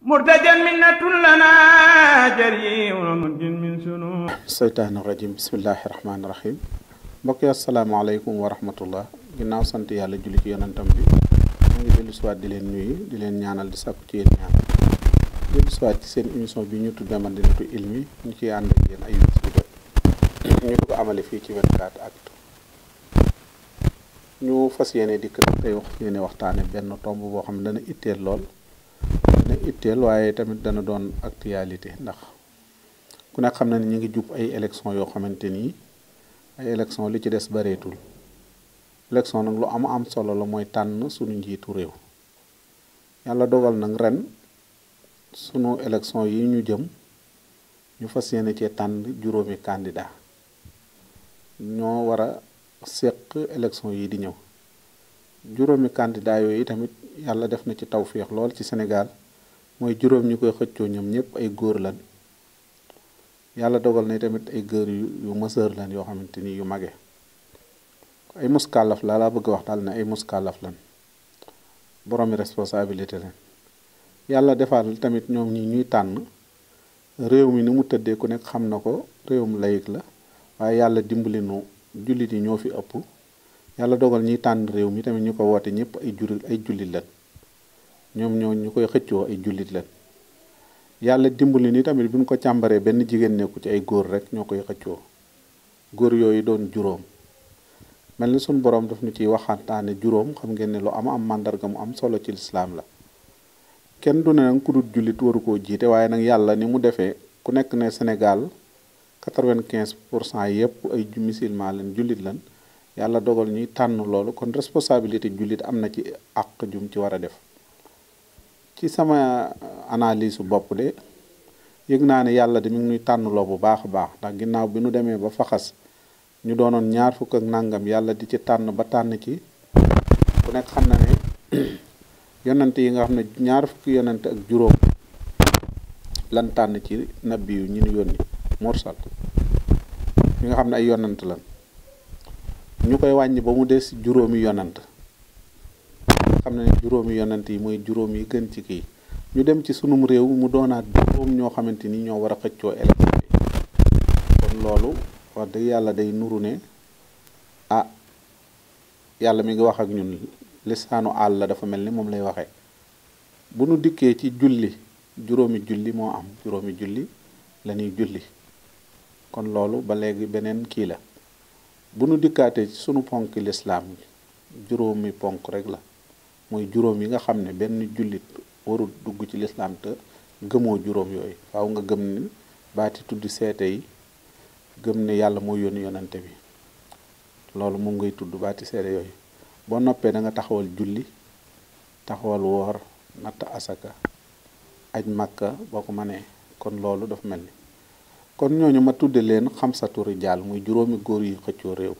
murtajan minnatun lanaa jariun seytaani rajim bismillaahi rahmaani rahim mbokk yi asalaamaaleykum wa rahmatullah ginnaaw sant yàlla julli ci yonantam bi ñu ngi dellu siwaat di leen nuyu di leen ñaanal di sàkku ci yéen ñaan dellu siwaat ci seen émission bi ñu tuddee Madinatu Ilmi ñu ciy ànd ay bis bu jot ñu ko amale fii ci 24 actu ñu fas yéene dikk tey wax yéene waxtaane benn tomb boo xam ne dana itteel lool dana itteel waaye tamit dana doon actualité ndax ku ne xam na ne ñu ngi jub ay élection yoo xamante ni ay élection li ci des bareetul élection nag lu am am solo la mooy tànn sunu njiitu réew yàlla dogal nag ren sunu élection yi ñu jëm ñu fa yéene ce tànn juróomi candidat ñoo war a séq élection yi di ñëw juróomi candidat yooyu tamit yàlla def na ci tawféex lool ci Sénégal mooy juróom ñu koy xëccoo ñoom ñëpp ay góor lan yàlla dogal na tamit ay góor yu mësër lan yoo xamante ni yu mage ay muskàllaf laa laa bëgg wax daal ne ay muskàllaf lan boroomi responsabilité lan yàlla defal tamit ñoom ñi ñuy tànn réew mi ni mu tëddee ku nekk xam na ko réewum layig la waaye yàlla dimb dimbali nu jullit yi ñoo fi ëpp yàlla dogal ñiy tànn réew mi tamit ñu ko wootee ñëpp ay juri ay jullit lan ñoom ñoo ñu koy xëccoo ay jullit lañ yàlla dimbali nii tamit buñ ko càmbaree benn jigéen nekku ci ay góor rek ñoo koy xëccoo góor yooyu doon juróom mel ni suñ boroom daf ñu ciy waxantaane juróom xam ngeen ne lu am am màndarga mu am solo ci lislaam la kenn du ne nag ku dul jullit waru koo jiite waaye nag yàlla ni mu defee ku nekk ne Sénégal quatre-vingt-quinze pour cent yëpp ay musulman lañ jullit lañ yàlla dogal ñuy tànn loolu kon responsabilité am na ci àq jum ci war a def ci sama analyse su bopp de yëg naa ne yàlla de mi ngi ñuy tànnloo bu baax a baax ndax ginnaaw bi nu demee ba faxas ñu doonoon ñaar fukk ak nàngam yàlla di ci tànn ba tànn ci ku nekk xam na ne yonent yi nga xam ne ñaar fukk yonent ak juróom lan tànn ci nabbi yu ñu ni yónni mursal ñi nga xam ne ay yonent lan ñu koy wàññi ba mu des juróomi yonent xam ne juróomi yonent yi mooy juróom yi gën ci kii ñu dem ci sunum réew mu doonaat juróom ñoo xamante ni ñoo war a xëccoo élection bi kon loolu wax dëgg yàlla day nuru ne ah yàlla mi ngi wax ak ñun lisaanu àll la dafa mel ni moom lay waxee bu nu dikkee ci julli juróomi julli moo am juróomi julli lañuy julli kon loolu ba léegi beneen kii la bu nu dikkaatee ci sunu ponk lislaam juróomi ponk rek la mooy juróom yi nga xam ne benn jullit warul dugg ci lislaam te gëmoo juróom yooyu faaw nga gëm ni baati tudd seete yi gëm ne yàlla mooy yoon yonante bi loolu moom ngay tudd baati seete yooyu boo noppee da nga taxawal julli taxawal woor natt asaka aj makka boo ko mënee kon loolu dafa mel ni kon ñooñu ma tudde leen xamsatu rijaal muy juróomi góor yi xëccoo réew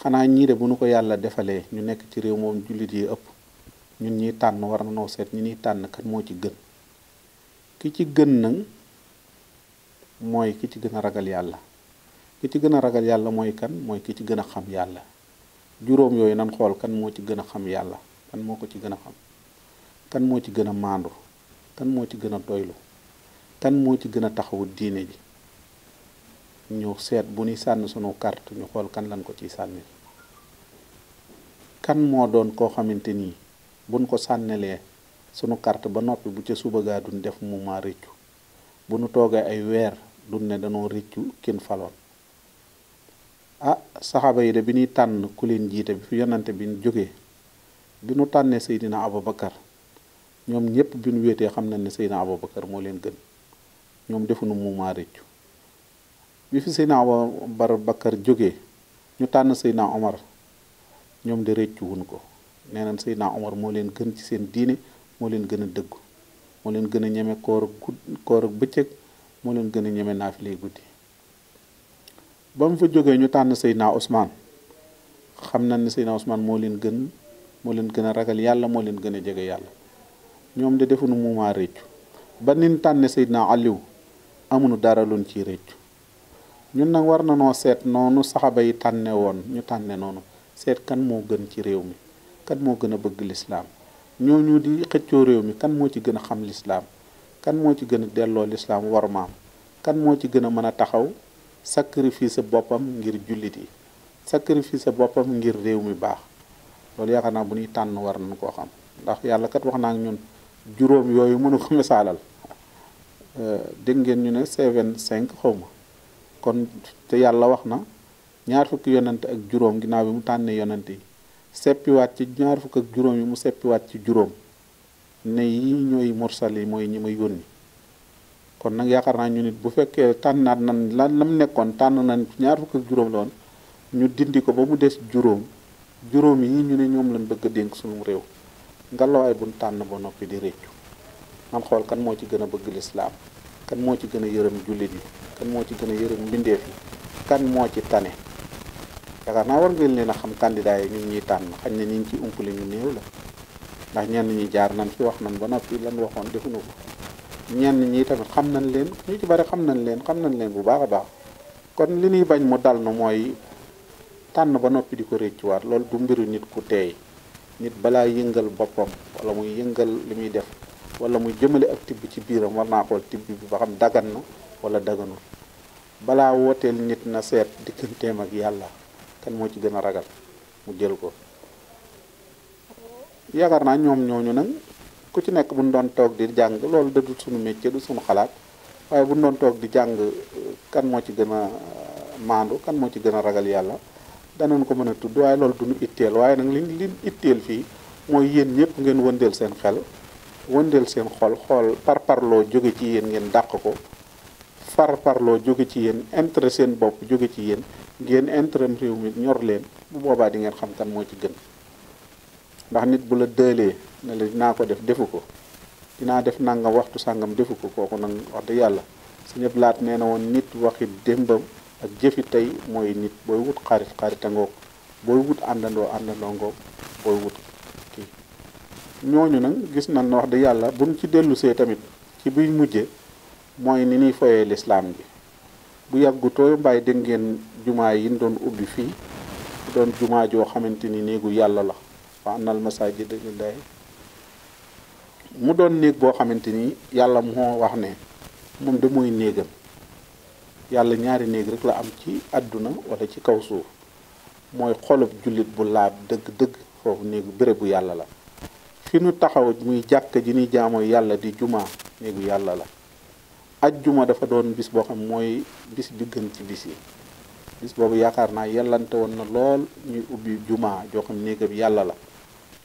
xanaa ñii bu nu ko yàlla defalee ñu nekk ci réew moom jullit yi ëpp ñun ñuy tànn war na noo seet ñu ñuy tànn kat moo ci gën ki ci gën nag mooy ki ci gën a ragal yàlla ki ci gën a ragal yàlla mooy kan mooy ki ci gën a xam yàlla juróom yooyu nan xool kan moo ci gën a xam yàlla kan moo ko ci gën a xam kan moo ci gën a maandu kan moo ci gën a doylu kan moo ci gën a taxawu diine ji ñu seet bu nuy sànni sunu carte ñu xool kan lan ko ciy sànni kan moo doon koo xamante nii buñ ko sànnelee sunu carte ba noppi bu ca suba gaa duñ def moment rëccu bu nu toogee ay weer duñ ne danoo rëccu kenn faloon ah saxaaba yi de bi ñuy tànn ku leen jiite bi fi yonante bi ñu jógee bi nu tànnee Seydina Aboubacar ñoom ñëpp xam nañ ne Seydina Aboubacar moo leen gën ñoom defuñu moment rëccu bi fi Seydina Aboubacar jógee ñu tànn Seydina Omar ñoom de rëccu ko. nee nañ Seydina Omar moo leen gën ci seen diine moo leen gën a dëggu moo leen gën a ñeme koor gud koor ak bëccëg moo leen gën a ñeme naafilay guddi ba mu fa jógee ñu tànn Seydina Ousmane xam nañ ni Seydina Ousmane moo leen gën moo leen gën a ragal yàlla moo leen gën a jege yàlla ñoom de defuñu muumaa réccu ba nin tànne Seydina Aliou amuñu dara luñ ciy réccu ñun nag war na noo seet noonu saxaba yi tànne woon ñu tànne noonu seet kan moo gën ci réew mi kan moo gën a bëgg lislaam ñooñu di xëccoo réew mi kan moo ci gën a xam lislaam kan moo ci gën a delloo lislaam maam kan moo ci gën a mën a taxaw sacrifice boppam ngir jullit yi sacrifice boppam ngir réew mi baax loolu yaakaar naa bu ñuy tànn war nañ koo xam ndax yàlla kat wax naa ak ñun juróom yooyu mënu ko misaalal euh, dégg ngeen ñu ne seven cinq xaw ma kon te yàlla wax na ñaar fukki yonante ak juróom ginnaaw bi mu tànnee yonante yi seppiwaat ci ñaar fukk ak juróom yi mu seppiwaat ci juróom ne yi ñooy mursal mooy ñi ma yónni kon nag yaakaar naa ñu nit bu fekkee tànnaat nan lan lam nekkoon tànn nan ñaar fukk ak juróom loon ñu dindi ko ba mu des juróom juróom yi ñu ne ñoom lañ bëgg a dénk suñu réew ngalawaay buñ tànn ba noppi di réccu man xool kan moo ci gën a bëgg lislaam kan moo ci gën a yërëm jullit yi kan moo ci gën a yërëm mbindeef yi kan moo ci tane yaakaar naa war ngeen leen a xam candidat yi ñun ñuy tànn xañ na ñu ci umpale ñu néew la ndax ñenn ñi jaar nañ fi wax na nañ ba noppi lan waxoon defu defuñu ko ñenn ñi tamit xam nañ leen ñu ci bari xam nañ leen xam nañ leen bu baax a baax kon li ñuy bañ mu dal na mooy tànn ba noppi di ko réccuwaat loolu du mbiru nit ku teey nit balaa yëngal boppam wala muy yëngal li muy def wala mu jëmale ak tibb ci biiram war naa xool tibb bi ba xam dagan na wala daganul balaa wooteel nit na seet digganteem ak yàlla kan moo ci gën a ragal mu jël ko yaakaar naa ñoom ñooñu nag ku ci nekk bu ñu doon toog di jàng loolu da du suñu métier du suñu xalaat waaye bu ñu doon toog di jàng kan moo ci gën a euh, maandu kan moo ci gën a ragal yàlla danoon ko mën a tudd waaye loolu duñu itteel waaye nag liñ liñ itteel fii mooy yéen ñëpp ngeen wëndeel seen xel wëndeel seen xol xool par par loo jóge ci yéen ngeen dàq ko far loo jóge ci yéen intérêt seen bopp jóge ci yéen ngeen intérêt réew mi ñor leen bu boobaa di ngeen xam kan moo ci gën ndax nit bu la dëlee na la dinaa ko def defu ko dinaa def nangam waxtu sàngam defu ko kooku nag wax dëgg yàlla su ñëpp laat nee na woon nit waxi démbam ak jëfi tey mooy nit booy wut xarit xarita ngoog booy wut àndandoo àndandoo ngoog booy wut kii ñooñu nag gis nañ ne wax dëgg yàlla buñ ci dellusee tamit ci biy mujje mooy ni ñuy foyee lislaam bi bu yàggu mbaay dégg ngeen jumaa yi doon ubbi fii doon jumaa joo xamante ni néegu yàlla la wa annal masaajida lillaahi mu doon néeg boo xamante ni yàlla moo wax ne moom de mooy néegam yàlla ñaari néeg rek la am ci àdduna wala ci kaw suuf mooy xolub jullit bu laab dëgg-dëgg foofu néegu bérébu yàlla la fi nu taxaw muy jàkk ji nuy jaamoo yàlla di jumaa néegu yàlla la ajjuma dafa doon bis boo xam mooy bis bi gën ci bis yi bis boobu yaakaar naa yellante woon na lool ñuy ubbi jumaa joo xam néegam yàlla la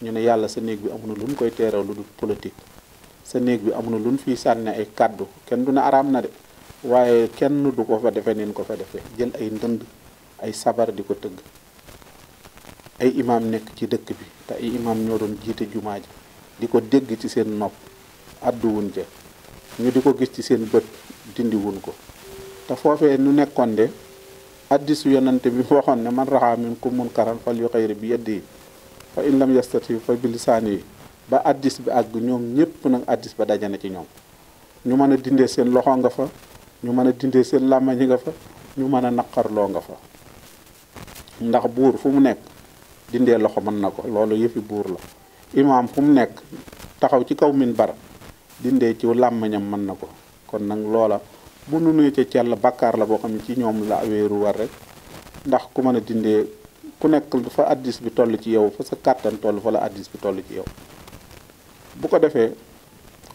ñu ne yàlla sa néeg bi amu na lu ñu koy teeraw lu dul politique sa néeg bi amu na lu ñu fiy sànni ay kàddu kenn du ne araam na de waaye kenn du ko fa defe neen ko fa defee jël ay ndënd ay sabar di ko tëgg ay imaam nekk ci dëkk bi te ay imaam ñoo doon jiite jumaa ji di ko dégg ci seen nopp àdduwun ca ñu di ko gis ci seen bët dindiwuñ ko te foofee nu nekkoon de addisu yonante bi waxoon ne man mun minkum munkaran fal yuxayri bi yadihi fa in lam yastati fa bi lisaanihi ba addis bi àgg ñoom ñëpp nag addis ba dajana ci ñoom ñu mën a dindee seen loxo nga fa ñu mën a dindee seen làmmañi nga fa ñu mën a naqarloo nga fa ndax buur fu mu nekk dindee loxo mën na ko loolu yëfi buur la imaam fu mu nekk taxaw ci kaw minbar dindee ci làmmañam mën na ko kon nag loola bu nu nuytee ci yàlla bàkkaar la boo xam ne ci ñoom la wéeru war rek ndax ku mën a dindee ku nekk fa addis bi toll ci yow fa sa kàttan toll fa la addis bi toll ci yow bu ko defee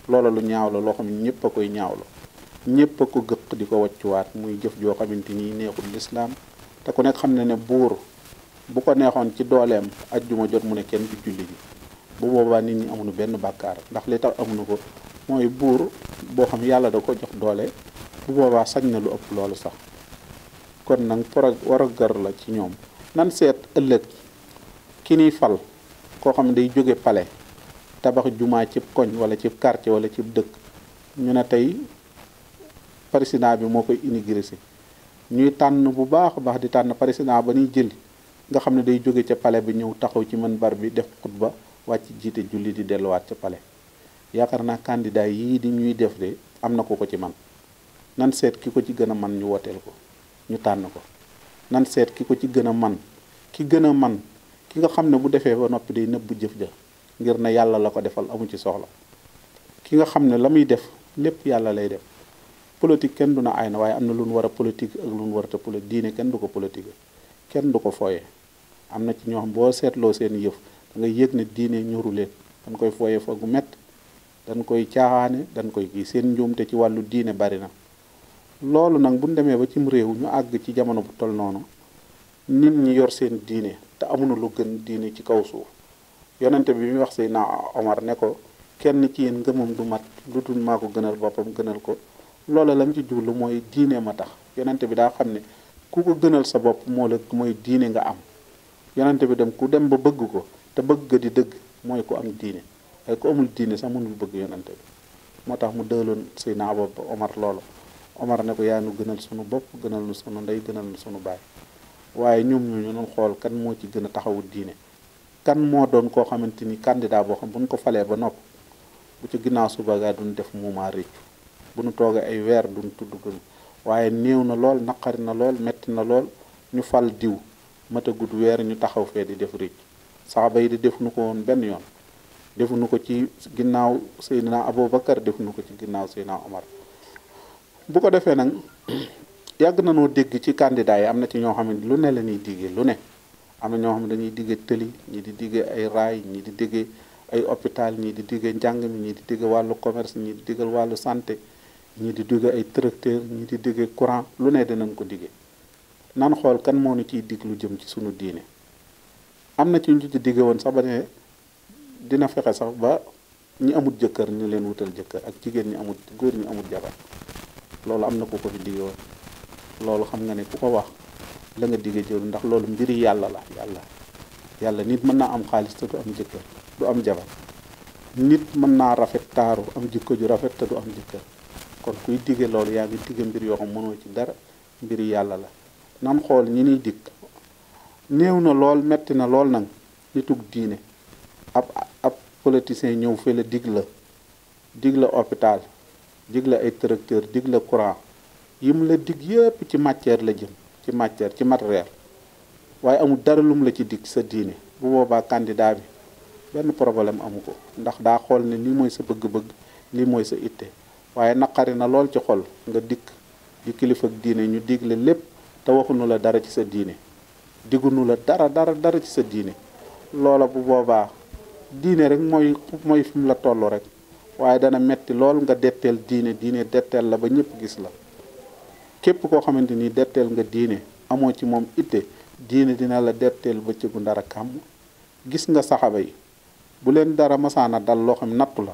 loola lu ñaaw la loo xam ne ñëpp a koy ñaaw la ñëpp a ko gëq di ko wàccuwaat muy jëf joo xamante nii neexul lislaam te ku nekk xam ne ne buur bu ko neexoon ci dooleem ajjuma jot mu ne kenn du julli ji bu boobaa nit ñi amuñu benn bàkkaar ndax li tax amuñu ko mooy buur boo xam yàlla da ko jox doole bu boobaa sañ na lu ëpp loolu sax kon nag pro war la ci ñoom nan seet ëllëg ki ni fal koo xam ne day jóge pale tabax jumaa cib koñ wala cib quartier wala cib dëkk ñu ne tey président bi moo koy inauguré si ñuy tànn bu baax baax di tànn président ba ñuy jël nga xam ne day jóge ca pale bi ñëw taxaw ci man minbar bi def ba wàcc jiite julli di delluwaat ca pale yaakaar naa candidat yii di ñuy def de am na ko ko ci man nan seet ki ko ci gën a man ñu wooteel ko ñu tànn ko nan seet ki ko ci gën a man ki gën a man ki nga xam ne bu defee ba noppi day nëbbu jëf ja ngir ne yàlla la ko defal amu ci soxla ki nga xam ne la muy def lépp yàlla lay def politique kenn du na ay na waaye am na lu nu war a politique ak lu nu war a politique diine kenn du ko politique kenn du ko fooyee am na ci ñoo xam boo seetloo seen yëf da nga yëg ne diine ñoru leen dañ koy fooyee fa gu mett dañ koy caaxaane dañ koy seen njuumte ci wàllu diine bari na loolu nag bu ñu demee ba cim réew ñu àgg ci jamono bu toll noonu nit ñi yor seen diine te amuñu lu gën diine ci kaw suuf yonente bi bi muy wax Seydina Omar ne ko kenn ci yéen ngëmam du mat lu dul maa ko gënal boppam gënal ko loola lam ci jublu mooy diine ma tax yonente bi daa xam ne ku ko gënal sa bopp moo la mooy diine nga am yonente bi dem ku dem ba bëgg ko te bëgg di dëgg mooy ku am diine waaye ku amul diine sax mënul bëgg yonente bi moo tax mu dëloon Seydina Omar loolu Omar na ko yaa nu gënal sunu bopp gënal nu sunu ndey gënal nu sunu baay waaye ñoom ñu ñu xool kan moo ci gën a taxawu diine kan moo doon koo xamante ni candidat boo xam bu ñu ko falee ba nopp bu ci ginnaaw suba gaa duñ def muumaa réccu bu ñu toogee ay weer duñ tudd gën waaye néew na lool naqari na lool metti na lool ñu fal diw matagut weer ñu taxaw fee di def sax saxaba yi di defuñu ko woon benn yoon defuñu ko ci ginnaaw naa Seydina Aboubacar defuñu ko ci ginnaaw Seydina Omar bu ko defee nag yàgg na noo dégg ci kandidaa yi am na ci ñoo xam lu ne la ñuy diggee lu ne am na ñoo xam ne dañuy diggee tëli ñi di diggee ay raay ñi di diggee ay hôpital ñi di diggee njàng mi ñi di diggee wàllu commerce ñi di wàllu santé ñi di diggee ay tracteur di diggee courant lu ne danañ ko diggee nan xool kan moo ñu ciy dig lu jëm ci sunu diine am na ci ñu ci diggee woon sax ba ne dina fexe sax ba ñi amul jëkkër ñu leen wutal jëkkër ak jigéen ñi amul góor ñi amul jabar loolu am na ku ko fi diggoon loolu xam nga ne ku ko wax la nga digge jëru ndax loolu mbiri yàlla la yàlla yàlla nit mën naa am xaalis te du am jëkkër du am jabar nit mën naa rafet taaru am jikko ju rafet te kon kuy digge loolu yaa ngi digge mbir yoo xam mënoo ci dara mbiri yàlla la nan xool ñi niy dikk néew na lool metti na lool nag nitug diine ab ab politicien ñëw fii la dig la dig la hôpital dig la ay tracteur dig la courant yi mu la dig yépp ci matière la jëm ci matière ci matériel waaye amul dara lum la ci dig sa diine bu boobaa candidat bi benn problème amu ko ndax daa xool ne lii mooy sa bëgg-bëgg lii mooy sa itte waaye naqari na lool ci xol nga dikk di kilifa ak diine ñu dig lépp te waxuñu la dara ci sa diine digunu la dara dara dara ci sa diine loola bu boobaa diine rek mooy mooy fi mu la toll rek waaye dana metti lool nga detteel diine diine detteel la ba ñëpp gis la képp koo xamante ni detteel nga diine amoo ci moom itte diine dina la detteel bëccëgu ndara kàmm gis nga saxaba yi bu leen dara masaana dal loo xam nattu la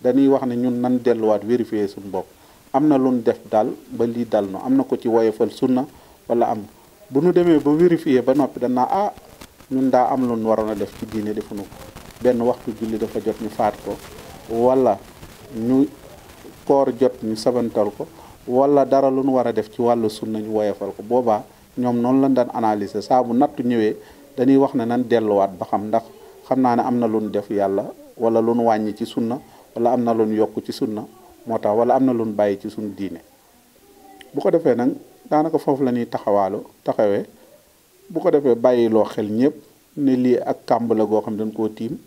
dañuy wax ne ñun nan delluwaat vérifier suñu bopp am na luñ def daal ba lii dal no am na ko ci woyofal sunna wala am bu nu demee ba vérifier ba noppi danaa ah ñun daa am luñ waroon a def ci diine defuñu ko benn waxtu julli dafa jot ñu faat wala ñu koor jot ñu sabantal ko wala dara lu nu war a def ci wàllu sunna ñu woyofal ko boobaa ñoom noonu lañ daan analyser saa bu nattu ñëwee dañuy wax ne nan delluwaat ba xam ndax xam naa ne am na lu def yàlla wala lu nu wàññi ci sunna wala am na lu nu yokk ci sunna moo tax wala am na lu nu bàyyi ci sunu diine bu ko defee nag daanaka foofu la ñuy taxawaalu taxawee bu ko defee bàyyiloo xel ñëpp lii ak kàmb la goo xam dañ koo tiim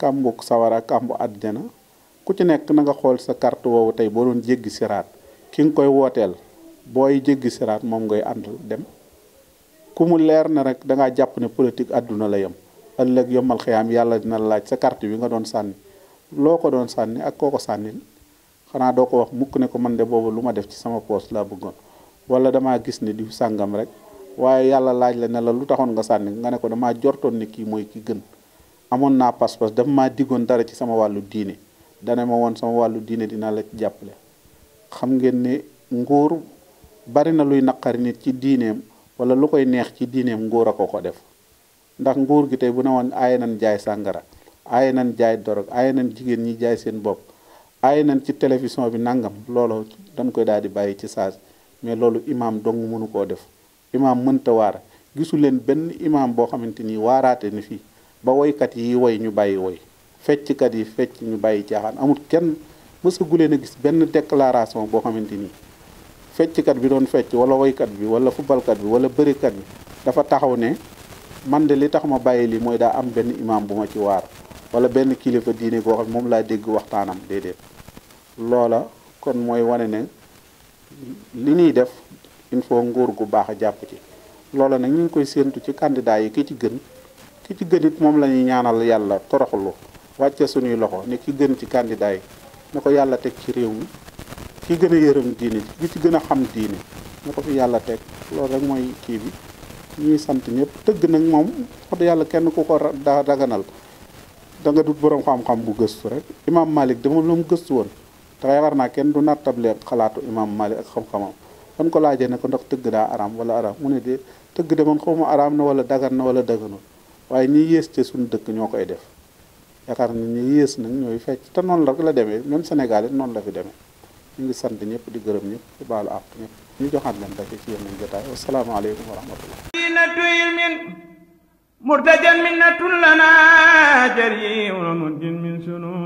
kàmbuk sawara kàmbu àjjana ku ci nekk na nga xool sa carte woowu tey boo doon jéggi siraat ki nga koy wooteel booy jéggi siraat moom ngay àndal dem ku mu leer na rek dangaa jàpp ne politique àdduna la yem ëllëg yombal xiyaam yàlla dina laaj sa carte bi nga doon sànni loo ko doon sànni ak koo ko xanaa doo ko wax mukk ne ko man de boobu lu ma def ci sama poos laa bëggoon wala gis ne sàngam rek waaye yàlla laaj la ne lu taxoon nga sànni nga ne ko damaa jortoon ne kii mooy ki gën amoon naa pas-pas dafa maa diggoon dara ci sama wàllu diine dana ma woon sama wàllu diine dina la jàppale xam ngeen ne nguur bari na luy naqari nit ci diineem wala lu koy neex ci diineem nguur a ko ko def ndax nguur gi tey bu ne woon aaye nan jaay sàngara aaye nan jaay dorog aaye nan jigéen ñi jaay seen bopp aaye nan ci télévision bi nangam loolu dañ koy daal di bàyyi ci saas mais loolu imaam dong mënu koo def imaam mënta waar gisu leen benn imaam boo xamante ni waaraate ni fii ba woykat yi woy ñu bàyyi woy fecckat yi fecc ñu bàyyi jaaxaan amut kenn mësa guleen a gis benn déclaration boo xamante ni fecckat bi doon fecc wala woykat bi wala fubalkat bi wala bërikat bi dafa taxaw ne man de li tax ma bàyyi lii mooy daa am benn imam bu ma ci waar wala benn kilifa diine goo xam moom laa dégg waxtaanam déedéet loola kon mooy wane ne li ñuy def il faut nguur gu baax a jàpp ci loola nag ñu ngi koy séentu ci candidat yi ki ci gën ki ci gën it moom lañuy ñaanal yàlla toroxlu wàcce suñuy loxo ne ki gën ci candidat yi na ko yàlla teg ci réew mi ki gën a yërëm diine ki ci gën a xam diine na ko fi yàlla teg loolu rek mooy kii bi ñuy sant ñëpp tëgg nag moom yàlla kenn ku ko daa daganal da nga borom xam-xam bu gëstu rek imaam Malik dama lu mu gëstu woon te yaakaar naa kenn du naat table xalaatu imaam Malik ak xam-xamam ban ko laajee ne ko ndax tëgg daa araam wala araam mu ne de tëgg de man xaw ma araam na wala dagan na wala daganul waaye ñi yées ca suñu dëkk ñoo koy def yaakaar na ñi yées nag ñooy fecc te noonu la la demee même Sénégal noonu la fi demee ñu ngi sant ñëpp di gërëm ñëpp di baalu àq ñëpp ñu joxaat leen daje ci yeneen jotaay wasalaamaaleykum wa rahmatullah dinatu ilmin na minnatun lana jariun mujin min sunu